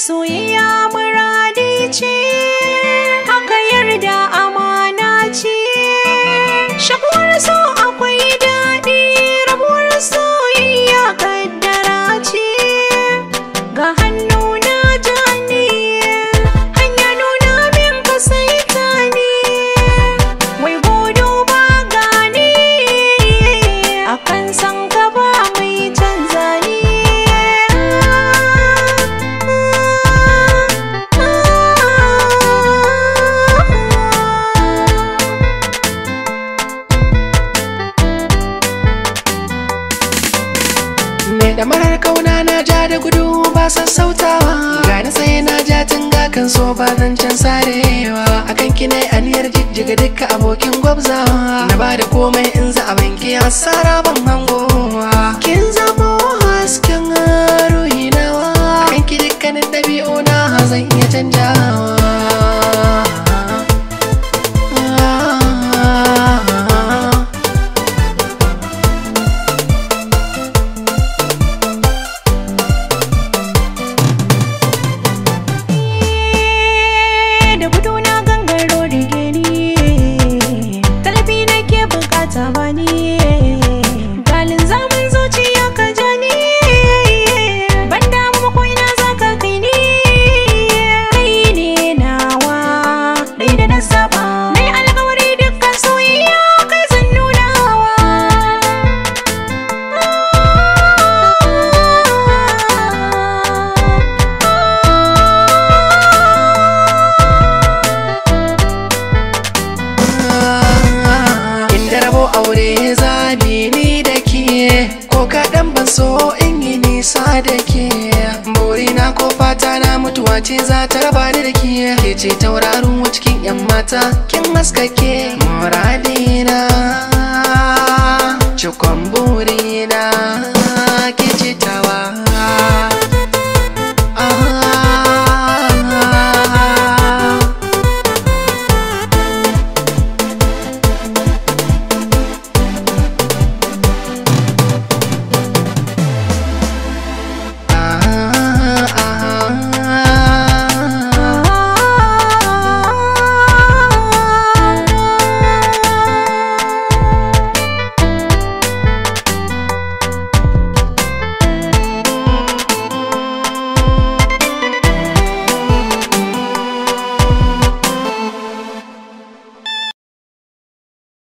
soyayya mura da marar kauna na ja da gudu ba sassautawa ga na tsaye na ja tun kan so ba zancen sarewa akan kina aniyar jijjiga duka abokin gwabza. na ba da komai in za a banki a sara ban hango kin zamo hasken ruhinawa akan ki dukkanin zan iya canjawa aure zabi ni da ke ko kaɗan ban so in yi nisa da ke burina ko fata na mutuwa ce za ta raba ni da ke ke ce taurarin cikin yan mata kin maskake muradina cikon